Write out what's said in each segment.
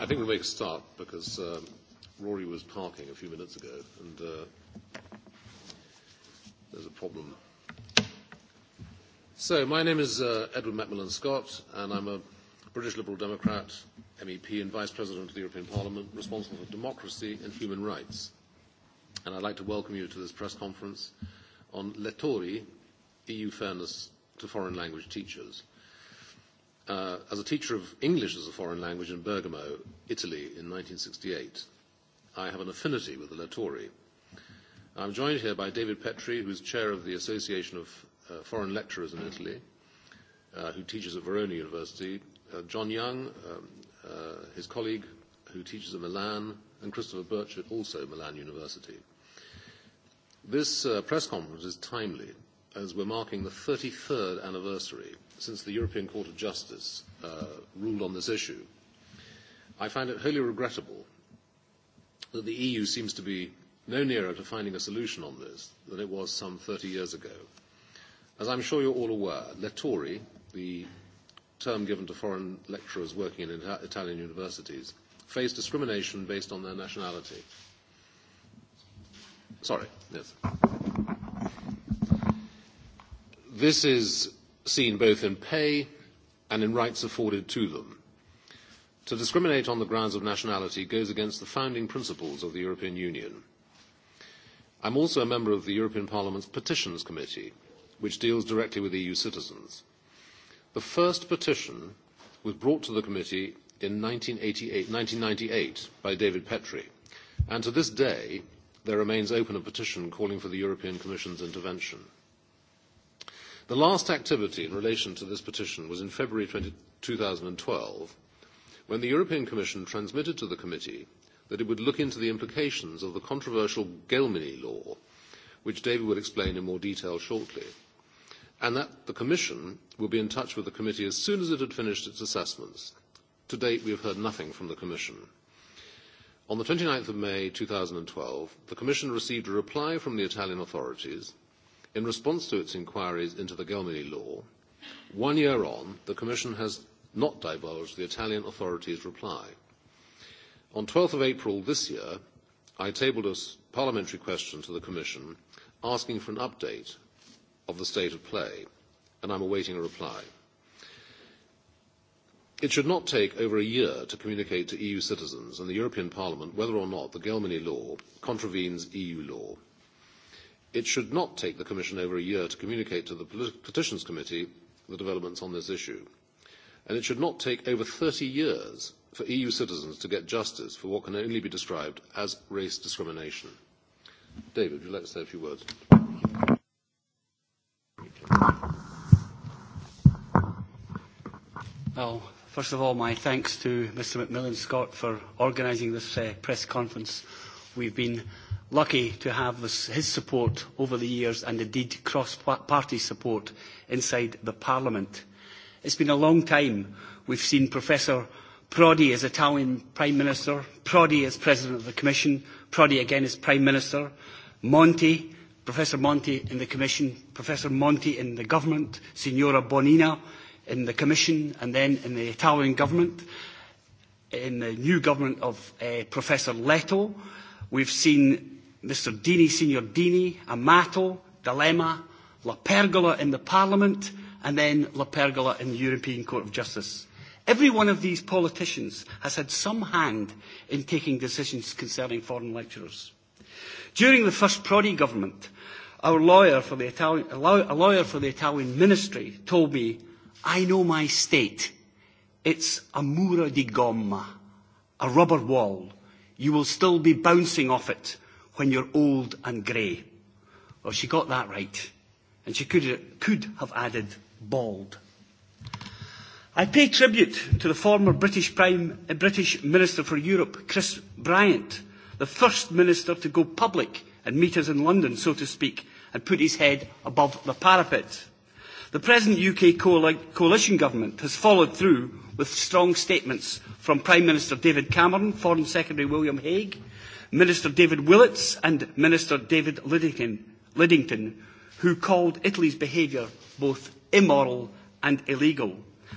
I think we'll make a start because Rory was parking a few minutes ago and there's a problem. So my name is Edward mcmillan Scott and I'm a British Liberal Democrat, MEP and Vice President of the European Parliament responsible for democracy and human rights. And I'd like to welcome you to this press conference on Lettori, EU fairness to foreign language teachers as a teacher of English as a foreign language in Bergamo, Italy, in 1968, I have an affinity with the Latori. I'm joined here by David Petri, who is chair of the Association of Foreign Lecturers in Italy, who teaches at Verona University, John Young, his colleague, who teaches at Milan, and Christopher Birch at also Milan University. This press conference is timely as we're marking the 33rd anniversary since the European Court of Justice ruled on this issue, I find it wholly regrettable that the EU seems to be no nearer to finding a solution on this than it was some 30 years ago. As I'm sure you're all aware, Lettori, the term given to foreign lecturers working in Italian universities, face discrimination based on their nationality. Sorry, yes. This is seen both in pay and in rights afforded to them. To discriminate on the grounds of nationality goes against the founding principles of the European Union. I am also a member of the European Parliament's Petitions Committee, which deals directly with EU citizens. The first petition was brought to the committee in 1998 by David Petrie, and to this day there remains open a petition calling for the European Commission's intervention. The last activity in relation to this petition was in February 2012, when the European Commission transmitted to the Committee that it would look into the implications of the controversial Gelmini law, which David will explain in more detail shortly, and that the Commission would be in touch with the Committee as soon as it had finished its assessments. To date, we have heard nothing from the Commission. On the 29th of May 2012, the Commission received a reply from the Italian authorities In response to its inquiries into the Gelmini law, one year on, the Commission has not divulged the Italian authorities' reply. On 12 April this year, I tabled a parliamentary question to the Commission asking for an update of the state of play, and I'm awaiting a reply. It should not take over a year to communicate to EU citizens and the European Parliament whether or not the Gelmini law contravenes EU law. It should not take the Commission over a year to communicate to the Petitions Committee the developments on this issue. And it should not take over 30 years for EU citizens to get justice for what can only be described as race discrimination. David, would you like to say a few words? Well, first of all, my thanks to Mr. McMillan Scott for organising this press conference. We've been lucky to have his support over the years and indeed cross-party support inside the Parliament. It's been a long time we've seen Professor Prodi as Italian Prime Minister, Prodi as President of the Commission, Prodi again as Prime Minister, Monti, Professor Monti in the Commission, Professor Monti in the Government, Signora Bonina in the Commission and then in the Italian Government, in the new government of Professor Leto. We've seen Mr Dini, Senior Dini, Amato, Dilemma, La Pergola in the Parliament and then La Pergola in the European Court of Justice. Every one of these politicians has had some hand in taking decisions concerning foreign lecturers. During the first Prodi government, our lawyer for the Italian, a lawyer for the Italian ministry told me, I know my state. It's a mura di gomma, a rubber wall. You will still be bouncing off it when you're old and grey. Well, she got that right, and she could, could have added bald. I pay tribute to the former British, Prime, British Minister for Europe, Chris Bryant, the first minister to go public and meet us in London, so to speak, and put his head above the parapet. The present UK coalition government has followed through with strong statements from Prime Minister David Cameron, Foreign Secretary William Hague, Minister David Willits and Minister David Liddington, who called Italy's behaviour both immoral and illegal.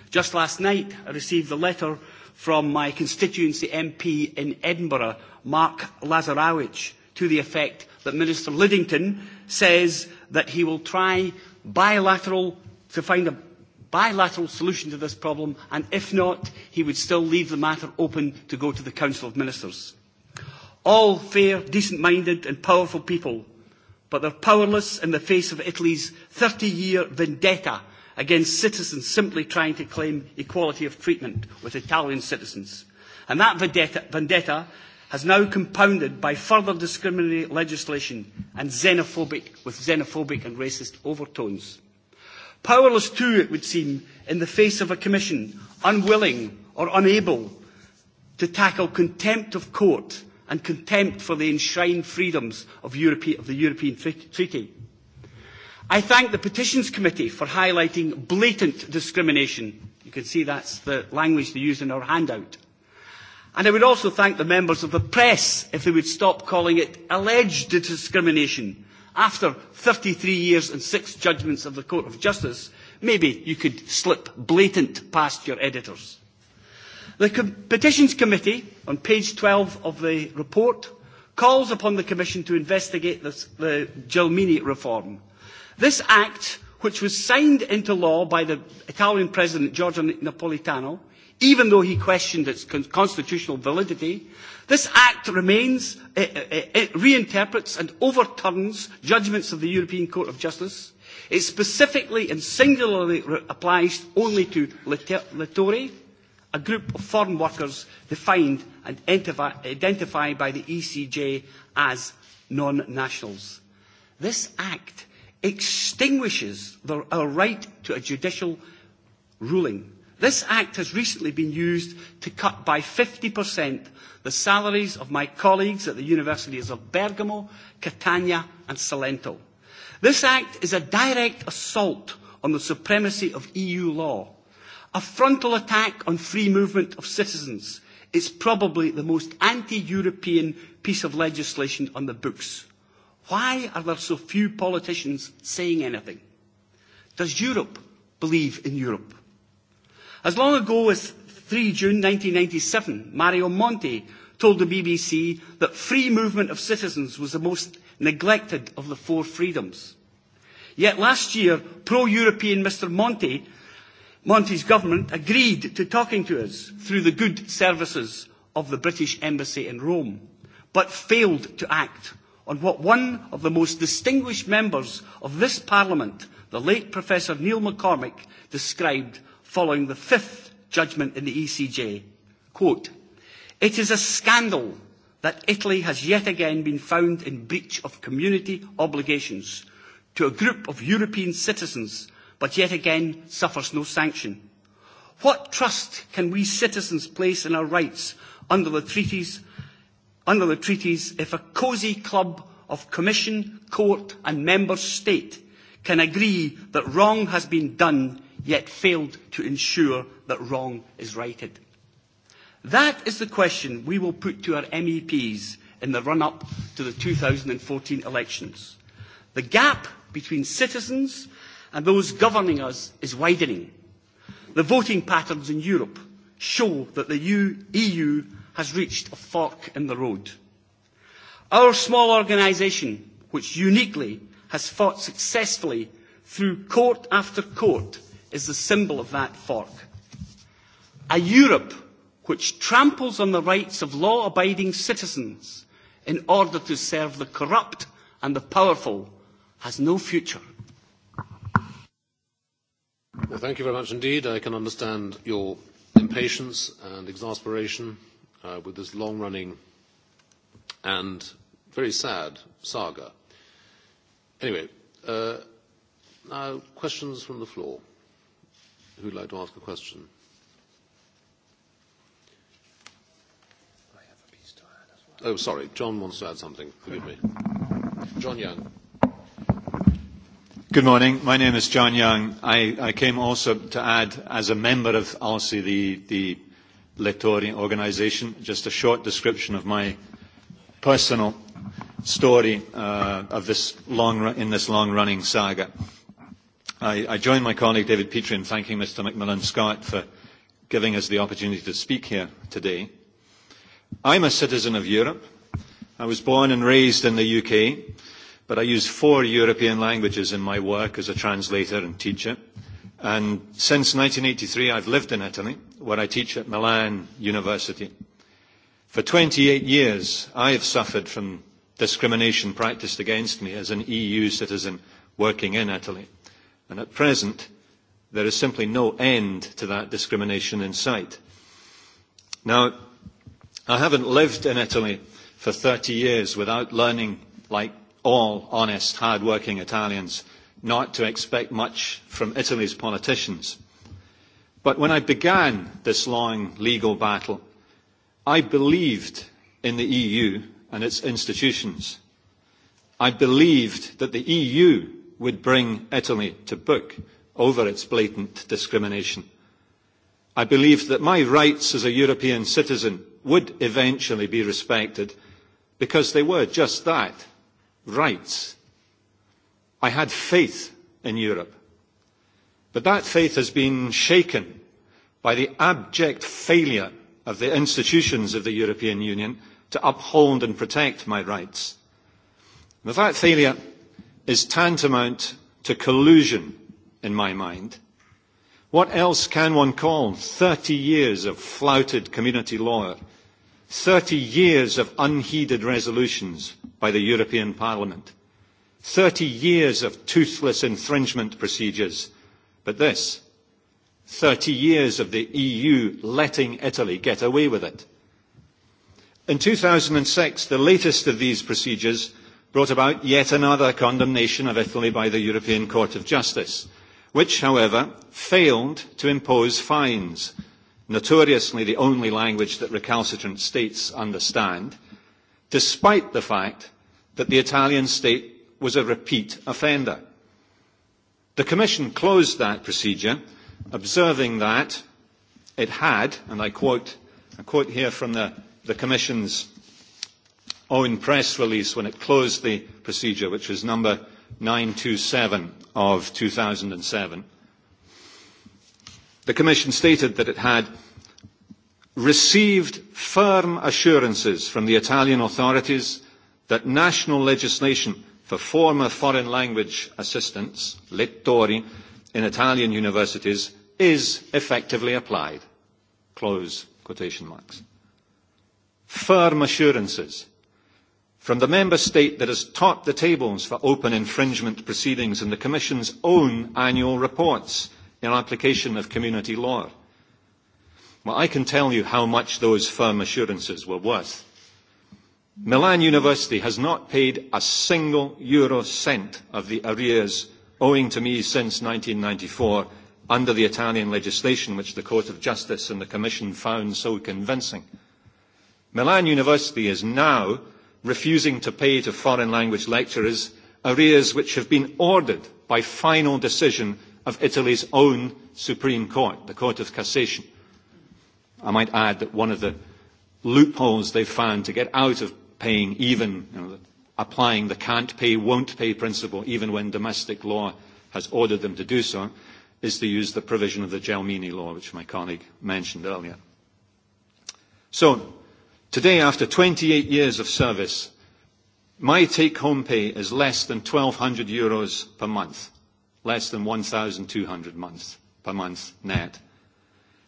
Just last night, I received a letter from my constituency MP in Edinburgh, Mark Lazarowicz, to the effect that Minister Liddington says that he will try bilateral to find a bilateral solution to this problem, and if not, he would still leave the matter open to go to the Council of Ministers all fair, decent-minded and powerful people, but are powerless in the face of Italy's 30-year vendetta against citizens simply trying to claim equality of treatment with Italian citizens. And that vendetta has now compounded by further discriminatory legislation and xenophobic, with xenophobic and racist overtones. Powerless too, it would seem, in the face of a commission unwilling or unable to tackle contempt of court and contempt for the enshrined freedoms of the European Treaty. I thank the Petitions Committee for highlighting blatant discrimination. You can see that's the language they use in our handout. And I would also thank the members of the press if they would stop calling it alleged discrimination. After 33 years and six judgments of the Court of Justice, maybe you could slip blatant past your editors. The Petitions Committee, on page 12 of the report, calls upon the Commission to investigate the Gelmini reform. This act, which was signed into law by the Italian President Giorgio Napolitano, even though he questioned its constitutional validity, this act remains, it reinterprets and overturns judgments of the European Court of Justice. It specifically and singularly applies only to Littori a group of foreign workers defined and identified by the ECJ as non-nationals. This Act extinguishes our right to a judicial ruling. This Act has recently been used to cut by 50% the salaries of my colleagues at the universities of Bergamo, Catania and Salento. This Act is a direct assault on the supremacy of EU law. A frontal attack on free movement of citizens is probably the most anti-European piece of legislation on the books. Why are there so few politicians saying anything? Does Europe believe in Europe? As long ago as 3 June 1997, Mario Monti told the BBC that free movement of citizens was the most neglected of the four freedoms. Yet last year, pro-European Mr Monti Monti's government agreed to talking to us through the good services of the British Embassy in Rome, but failed to act on what one of the most distinguished members of this Parliament, the late Professor Neil McCormick, described following the fifth judgment in the ECJ. It is a scandal that Italy has yet again been found in breach of community obligations to a group of European citizens but yet again suffers no sanction. What trust can we citizens place in our rights under the treaties if a cosy club of Commission, Court and Member State can agree that wrong has been done yet failed to ensure that wrong is righted? That is the question we will put to our MEPs in the run-up to the 2014 elections. The gap between citizens and those governing us is widening. The voting patterns in Europe show that the EU has reached a fork in the road. Our small organisation, which uniquely has fought successfully through court after court, is the symbol of that fork. A Europe which tramples on the rights of law-abiding citizens in order to serve the corrupt and the powerful has no future thank you very much indeed. I can understand your impatience and exasperation with this long-running and very sad saga. Anyway, now questions from the floor. Who would like to ask a question? Oh, sorry. John wants to add something. Forgive me. John Young. Good morning. My name is John Young. I came also to add, as a member of ALSI, the Lettori organisation, just a short description of my personal story of this long in this long-running saga. I join my colleague David Petrie in thanking Mr Macmillan Scott for giving us the opportunity to speak here today. I'm a citizen of Europe. I was born and raised in the UK But I use four European languages in my work as a translator and teacher. And since 1983, I've lived in Italy, where I teach at Milan University. For 28 years, I have suffered from discrimination practiced against me as an EU citizen working in Italy. And at present, there is simply no end to that discrimination in sight. Now, I haven't lived in Italy for 30 years without learning, like all honest, hard-working Italians not to expect much from Italy's politicians. But when I began this long legal battle, I believed in the EU and its institutions. I believed that the EU would bring Italy to book over its blatant discrimination. I believed that my rights as a European citizen would eventually be respected because they were just that rights. I had faith in Europe. But that faith has been shaken by the abject failure of the institutions of the European Union to uphold and protect my rights. That failure is tantamount to collusion in my mind. What else can one call 30 years of flouted community law 30 years of unheeded resolutions by the European Parliament, 30 years of toothless infringement procedures, but this, 30 years of the EU letting Italy get away with it. In 2006, the latest of these procedures brought about yet another condemnation of Italy by the European Court of Justice, which, however, failed to impose fines notoriously the only language that recalcitrant states understand, despite the fact that the Italian state was a repeat offender. The Commission closed that procedure, observing that it had, and I quote quote here from the Commission's own press release when it closed the procedure, which was number 927 of 2007, the Commission stated that it had received firm assurances from the Italian authorities that national legislation for former foreign language assistants, lettori, in Italian universities is effectively applied. Close quotation marks. Firm assurances from the member state that has topped the tables for open infringement proceedings in the Commission's own annual reports – in application of community law. Well, I can tell you how much those firm assurances were worth. Milan University has not paid a single euro cent of the arrears owing to me since 1994 under the Italian legislation which the Court of Justice and the Commission found so convincing. Milan University is now refusing to pay to foreign language lecturers arrears which have been ordered by final decision of Italy's own Supreme Court, the Court of Cassation. I might add that one of the loopholes they've found to get out of paying even, applying the can't pay, won't pay principle, even when domestic law has ordered them to do so, is to use the provision of the Gelmini law, which my colleague mentioned earlier. So, today, after 28 years of service, my take-home pay is less than 1,200 euros per month less than 1,200 months per month net.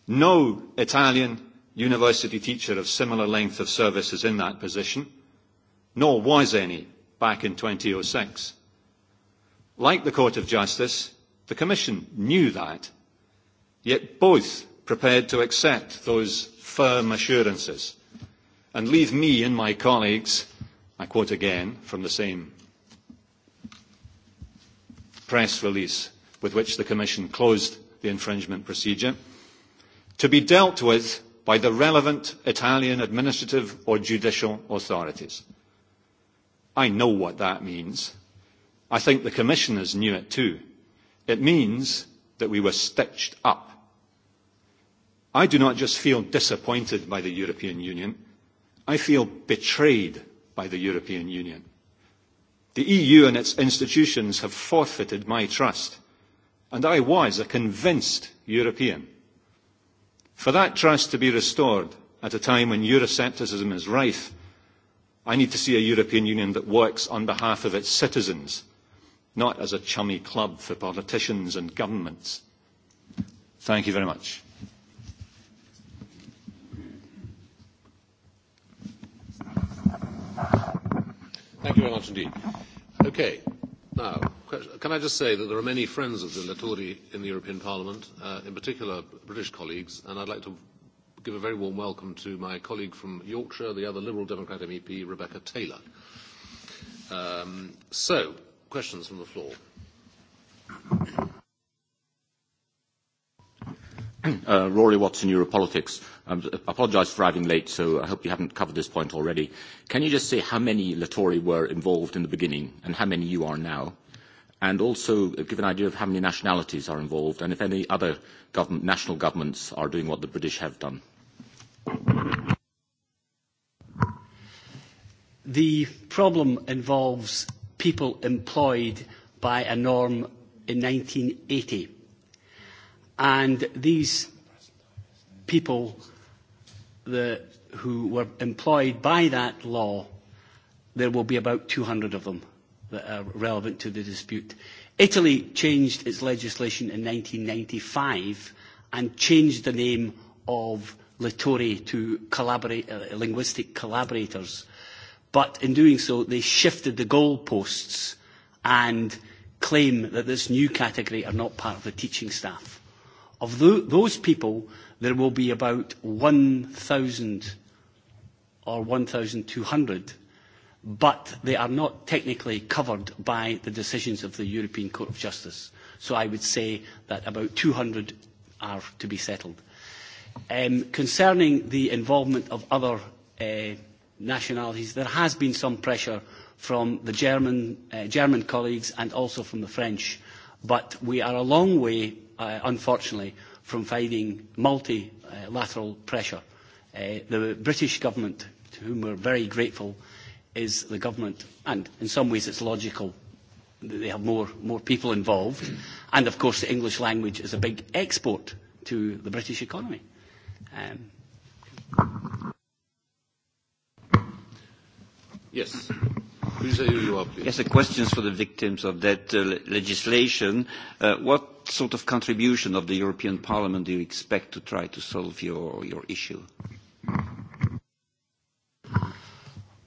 No Italian university teacher of similar length of service is in that position, nor was any back in 2006. Like the Court of Justice, the Commission knew that, yet both prepared to accept those firm assurances and leave me and my colleagues, I quote again from the same press release with which the Commission closed the infringement procedure, to be dealt with by the relevant Italian administrative or judicial authorities. I know what that means. I think the Commissioners knew it too. It means that we were stitched up. I do not just feel disappointed by the European Union, I feel betrayed by the European Union. The EU and its institutions have forfeited my trust, and I was a convinced European. For that trust to be restored at a time when Euroscepticism is rife, I need to see a European Union that works on behalf of its citizens, not as a chummy club for politicians and governments. Thank you very much. Thank you very much indeed. Okay. Now, can I just say that there are many friends of the Latori in the European Parliament, in particular British colleagues, and I'd like to give a very warm welcome to my colleague from Yorkshire, the other Liberal Democrat MEP, Rebecca Taylor. So, questions from the floor. Rory Watson, Europolitics. I apologise for arriving late, so I hope you haven't covered this point already. Can you just say how many Latori were involved in the beginning and how many you are now? And also give an idea of how many nationalities are involved and if any other national governments are doing what the British have done. The problem involves people employed by a norm in 1980 And these people who were employed by that law, there will be about 200 of them that are relevant to the dispute. Italy changed its legislation in 1995 and changed the name of Littori to linguistic collaborators. But in doing so, they shifted the goalposts and claim that this new category are not part of the teaching staff. Of those people, there will be about 1,000 or 1,200, but they are not technically covered by the decisions of the European Court of Justice. So I would say that about 200 are to be settled. Concerning the involvement of other nationalities, there has been some pressure from the German colleagues and also from the French, but we are a long way unfortunately, from fighting multilateral pressure. The British government, to whom we're very grateful, is the government, and in some ways it's logical that they have more people involved. And, of course, the English language is a big export to the British economy. Yes. Yes, the questions for the victims of that legislation. What what sort of contribution of the European Parliament do you expect to try to solve your issue?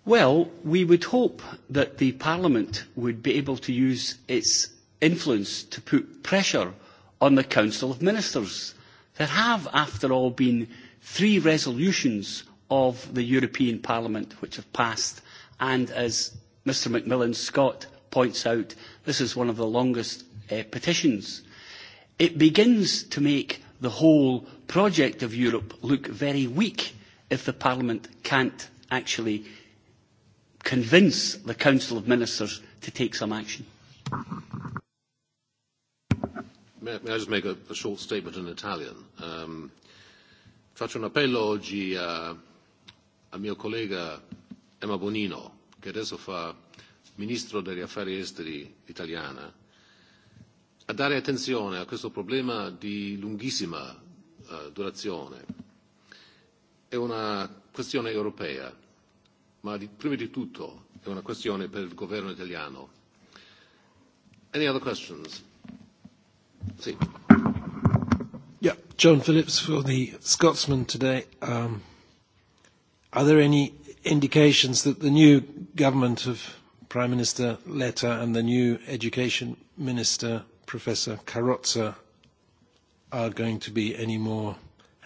Well, we would hope that the Parliament would be able to use its influence to put pressure on the Council of Ministers. There have, after all, been three resolutions of the European Parliament which have passed, and as Mr Macmillan Scott points out, this is one of the longest petitions It begins to make the whole project of Europe look very weak if the Parliament can't actually convince the Council of Ministers to take some action. May I just make a short statement in Italian? Faccio un appello oggi a mio collega Emma Bonino, che adesso fa Ministro degli Affari Esteri italiana a dare attenzione a questo problema di lunghissima durazione. È una questione europea, ma prima di tutto è una questione per il governo italiano. Any other questions? Sì. Yeah, John Phillips for the Scotsman today. Um, are there any indications that the new government of Prime Minister Letta and the new Education Minister Professor Carrozza are going to be any more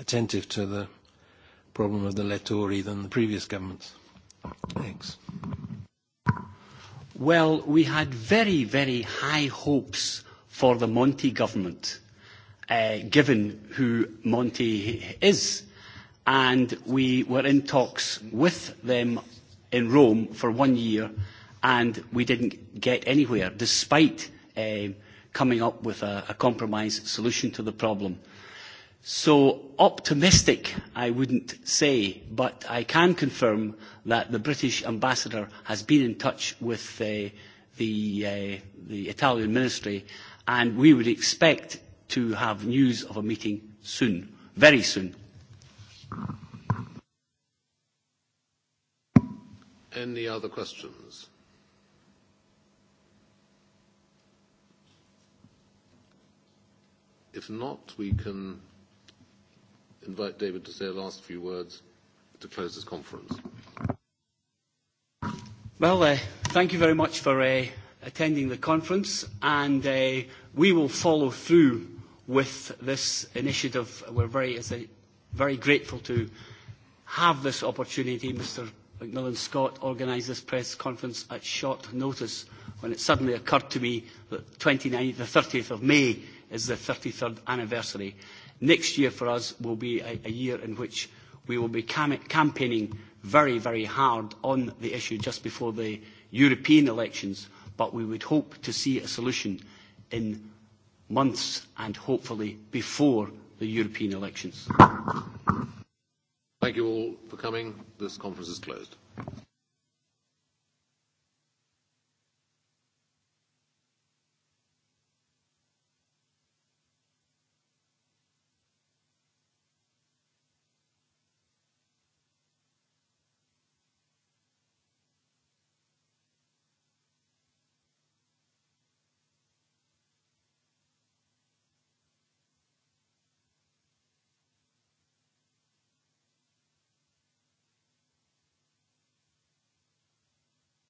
attentive to the problem of the Lettori than the previous governments. Thanks. Well, we had very, very high hopes for the Monti government, given who Monti is. And we were in talks with them in Rome for one year, and we didn't get anywhere, despite coming up with a compromise solution to the problem. So optimistic, I wouldn't say, but I can confirm that the British ambassador has been in touch with the Italian ministry, and we would expect to have news of a meeting soon, very soon. Any other questions? If not, we can invite David to say a last few words to close this conference. Well, thank you very much for attending the conference, and we will follow through with this initiative. We're very, very grateful to have this opportunity. Mr. Macmillan Scott organised this press conference at short notice when it suddenly occurred to me that 29, the 30th of May is the 33rd anniversary. Next year for us will be a year in which we will be campaigning very, very hard on the issue just before the European elections, but we would hope to see a solution in months and hopefully before the European elections. Thank you all for coming. This conference is closed.